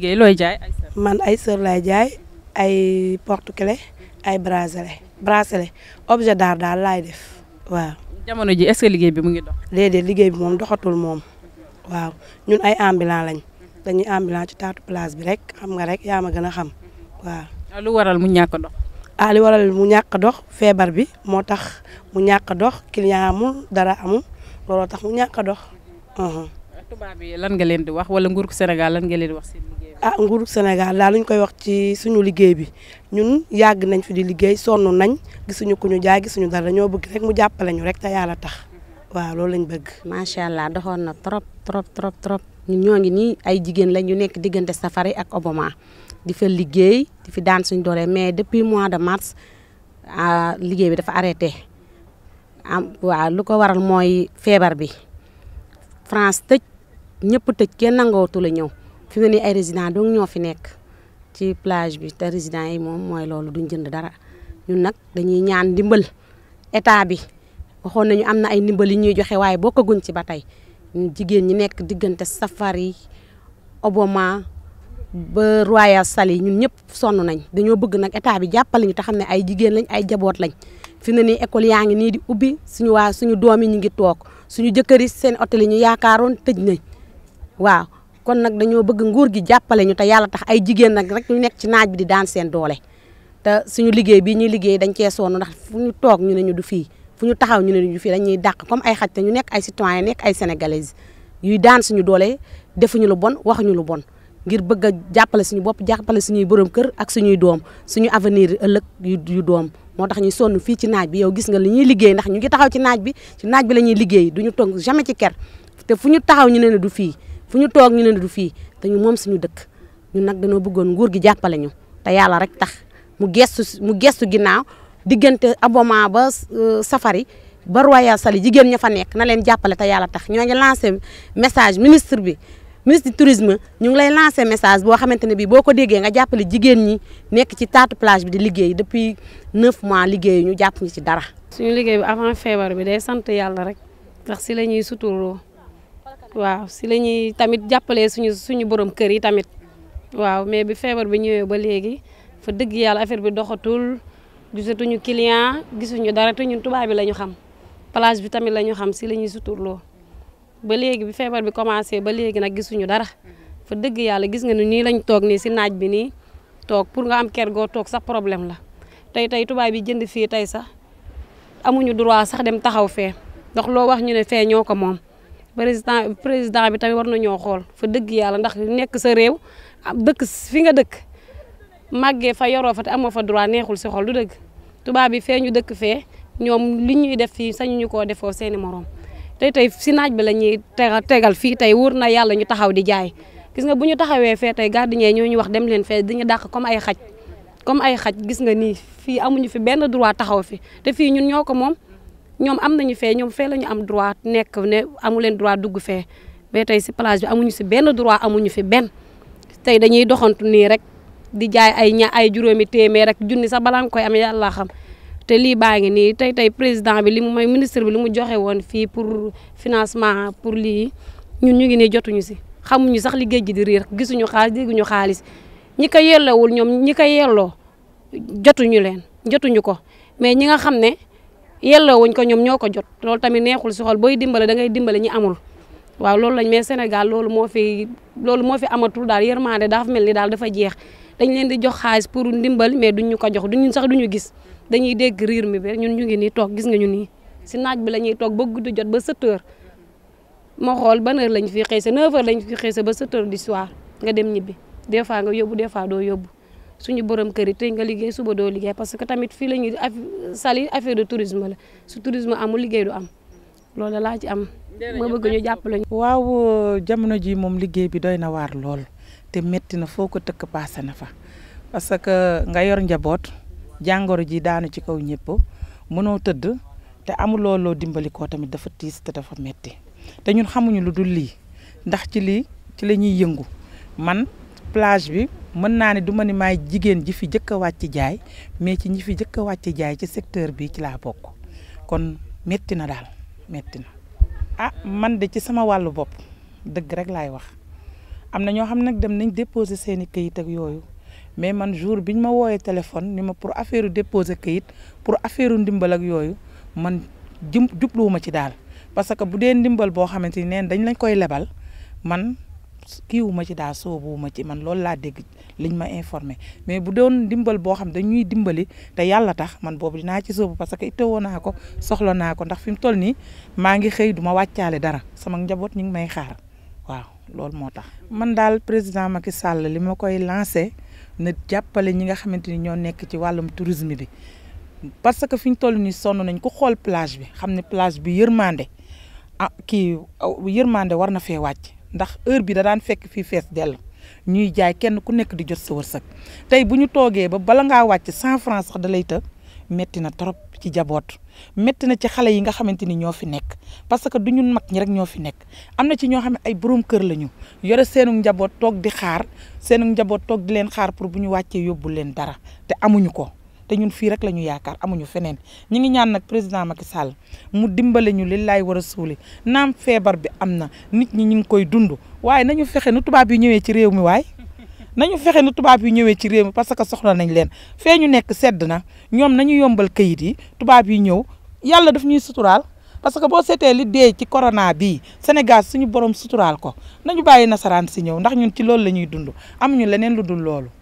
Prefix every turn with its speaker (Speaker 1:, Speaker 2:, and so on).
Speaker 1: liggéey looy jaay ay man ay sër lay jaay ay porte clé ay bracelet bracelet objet d'art daal lay def waaw. jamono ji est liggéey bi mu ngi dox. déedéet liggéey bi moom doxatul moom waaw ñun ay ambulant lañ dañuy ambulant ci taatu place bi rek xam nga rek yaa ma gën a xam waaw. Ah, lu waral mu ñàkk dox. ah li mu ñàkk dox feebar bi moo tax mu ñàkk dox client amul dara amul looloo tax mu ñàkk dox. Uh-huh. lan nga leen di wax wala nguur gu Sénégal lan nga leen di wax seen ah nguuru Sénégal daal ñu koy wax ci suñu liggéey bi ñun yàgg nañ fi di liggéey sonn nañ gisuñu ku ñu jaay gisuñu dara dañoo bëgg rek mu jàppale ñu rek te yàlla tax
Speaker 2: waaw loolu lañ bëgg. macha allah doxoon na trop trop trop trop ñun ñoo ngi nii ay jigéen lañ ñu nekk diggante safari ak obama di fa liggéey di fi daan suñ doole mais depuis mois de mars ah, liggéey bi dafa arrêté am waaw lu ko waral mooy feebar bi France tëj ñëpp tëj kenn nangootu a ñëw. fi mu nii ay résident dong ñoo fi nekk ci plage bi te résident yi moom mooy loolu duñ jënd dara ñun nag dañuy ñaan ndimbal état bi waxoon nañu am na ay ndimbal yi ñuy joxe waaye bokkaguñ ci ba tey jigéen ñi nekk diggante safari oboma ba Royal Saly ñun ñëpp sonn nañ dañoo bëgg nag état bi jàppale ñu te xam ne ay jigéen lañ ay jaboot lañ fi mu nii école yaa ngi nii di ubbi suñu waa suñu doom yi ñu ngi toog suñu jëkkër yi seen hôtel yi ñu yaakaaroon tëj nañ waaw. kon nag dañoo bëgg nguur gi jàppale ñu te yàlla tax ay jigéen nag rek ñu nekk ci naaj bi di daan seen doole te suñu liggéey bii ñuy liggéey dañ cee sonn ndax fu ñu toog ñu ne ñu du fu ñu taxaw ñu ne ñu fii dañuy dàq comme ay xaj te ñu nekk ay citoyen nekk ay sénégalais yuy daan suñu doole defuñu lu bon waxuñu lu bon ngir bëgg jàppale suñu bopp jàppale suñuy borom kër ak suñuy doom suñu avenir ëllëg yu doom moo tax ñu sonn fii ci naaj bi yow gis nga li ñuy liggéey ndax ñu ngi taxaw ci naaj bi ci naaj bi la ñuy liggéey duñu toog jamais ci ker te fu ñu taxaw ñu ne ne du fii fu ñu toog ñu ne du fii te ñu moom suñu dëkk ñu nag dañoo bëggoon nguur gi jàppale ñu te yàlla rek tax mu gestu mu gestu ginnaaw diggante aboma ba euh, safari ba royal sali jigéen ña fa nekk na leen jàppale te yàlla tax ñoo ngi lancé message ministre bi ministre du tourisme ñu lay lancé message boo xamante ne bii boo ko déggee nga jàppale jigéen ñi nekk ci taatu plage bi di liggéey depuis neuf mois liggéey ñu jàpp ñu ci dara.
Speaker 3: suñu liggéey bi avant feebar bi day sant yàlla rek waaw si la ñuy tamit jàppale suñu suñu borom kër yi tamit waaw mais bi feebar bi ñëwee ba léegi fa dëgg yàlla affaire bi doxatul gisatuñu client gisuñu dara te ñun tubaab bi la ñu xam place bi tamit la ñu xam si la ñuy suturloo ba léegi bi feebar bi commencé ba léegi nag gisuñu dara fa dëgg yàlla gis nga ni nii lañ toog nii si naaj bi nii toog pour nga am kër goo toog sax problème la tey tey tubaab yi jënd fii tey sax amuñu droit sax dem taxaw fee ndax loo wax ñu ne fee ñoo ko moom. président président bi tamit war nañoo xool fa dëgg yàlla ndax nekk sa réew dëkk fi nga dëkk màggee fa yoroo fa te amoo fa droit neexul si xol du dëgg tubaab bi fee ñu dëkk fee ñoom li ñuy def fii sañu ñu koo defoo seeni morom te tey si naaj bi la ñuy tegal fii tey wóor na yàlla ñu taxaw di jaay gis nga bu ñu taxawee fee tey gardien ñoo ñu wax dem leen fee dañu dàq comme ay xaj comme ay xaj gis nga nii fii amuñu fi benn droit taxaw fi te fii ñun ñoo ko moom. ñoom am nañu fee ñoom fee la ñu am droit nekk ne amu leen droit dugg fee mais tey si place bi amuñu si benn droit amuñu fi benn tey dañuy doxantu nii rek di jaay ay ña ay juróomi téeméer rek junni sax balaa nga koy amee yàlla xam te lii baa ngi nii tey tey président bi li mu may ministre bi li mu joxe woon fii pour financement pour lii ñun ñu ngi nii jotuñu si xamuñu sax li géej gi di riir gisuñu xaalis dégguñu xaalis ñi ko yelloowul ñoom ñi ko yelloo jotuñu leen jotuñu ko ñi nga xam ne yelloo wuñ ko ñoom ñoo ko jot loolu tamit neexul si xol booy dimbale da ngay dimbale ñi amul waaw loolu lañ mais Sénégal loolu moo fi loolu moo fi amatul daal de dafa mel ni daal dafa jeex dañ leen di jox xaalis pour dimbal mais duñ ñu ko jox duñ sax du ñu gis dañuy dégg riir mi bi ñun ñu ngi nii toog gis nga ñu nii si naaj bi la ñuy toog ba guddi jot ba 7 moo xool ba heure lañ fi xëy sa 9 heures lañ fi xëy sa ba 7 heures du soir nga dem ñibbi des fois nga yóbbu des fois doo yóbbu suñu borom kër yi tey nga liggéey suba doo liggéey parce que tamit fii la ñuy sali affaire de tourisme la su tourisme amul liggéey du am loolu laa ci am.
Speaker 4: ma bëgg ñu jàppale ñu. waaw euh, jamono ji moom liggéey bi doy na waar lool te métti na foo ko tëkk paase na fa parce que nga yor njaboot jàngoro ji daanu ci kaw ñëpp mënoo tëdd te amuloo loo dimbali ko tamit dafa tiis te dafa métti te ñun xamuñu lu dul lii ndax ci lii ci la ñuy yëngu man plage bi. mën naa ne du ma ni may jigéen ji fi jëkk a wàcc jaay mais ci ñi fi jëkk a wàcc jaay ci secteur bi ci laa bokk kon metti na daal metti na. ah man de ci sama wàllu bopp dëgg rek laay wax am na ñoo xam nag dem nañ déposer seen i kayit ak yooyu mais man jour ñu ma wooyee téléphone ni ma pour affaire déposer kayit pour affaire ndimbal ak yooyu man jëm jubluwuma ci daal parce que bu dee ndimbal boo xamante ni neen dañ lañ koy lebal man. kiiwu ma ci daa soobu ma ci man loolu laa dégg liñ ma informé mais bu doon dimbal boo xam ñuy dimbali te yàlla tax man boobu dinaa ci soobu parce que ittewoo naa ko soxla naa ko ndax fi mu toll nii maa ngi xëy duma ma wàccaale dara sama njaboot ñu ngi may xaar waaw loolu moo tax. man daal président Macky Sall li ma koy lancé na jàppale ñi nga xamante ni ñoo nekk ci wàllum tourisme bi parce que fi ñu toll nii sonn nañ ko xool plage bi xam ne plage bi yërmande ah kii yërmande war na fee wàcc. ndax heure bi da daan fekk fii fees dell ñuy jaay kenn ku nekk di jot sa wërsëg tey bu ñu toogee ba bala ngaa wàcc cent france sax da lay metti na trop ci jaboot metti na ci xale yi nga xamante ni ñoo fi nekk parce que du ñun mag ñi rek ñoo fi nekk am na ci ñoo xam ne ay borom kër lañu yore seenu njaboot toog di xaar seenu njaboot toog di leen xaar pour bu ñu wàccee yóbbu leen dara te amuñu ko. te ñun fii rek la ñu yaakaar amuñu feneen ñi ngi ñaan nag président Macky Sall mu dimbale ñu li laay war a suuli naam feebar bi am na nit ñi ñu ngi koy dund waaye nañu fexe nu tubaab yi ñëwee ci réew mi waay nañu fexe nu tubaab yi ñëwee ci réew mi parce que soxla nañ leen fee ñu nekk sedd na ñoom na ñu yombal kayit yi tubaab yi ñëw yàlla daf ñuy suturaal parce que boo seetee li dee ci corona bii Sénégal suñu borom suturaal ko na nañu bàyyi nasaraan si ñëw ndax ñun ci loolu la ñuy dund amuñu leneen lu dul loolu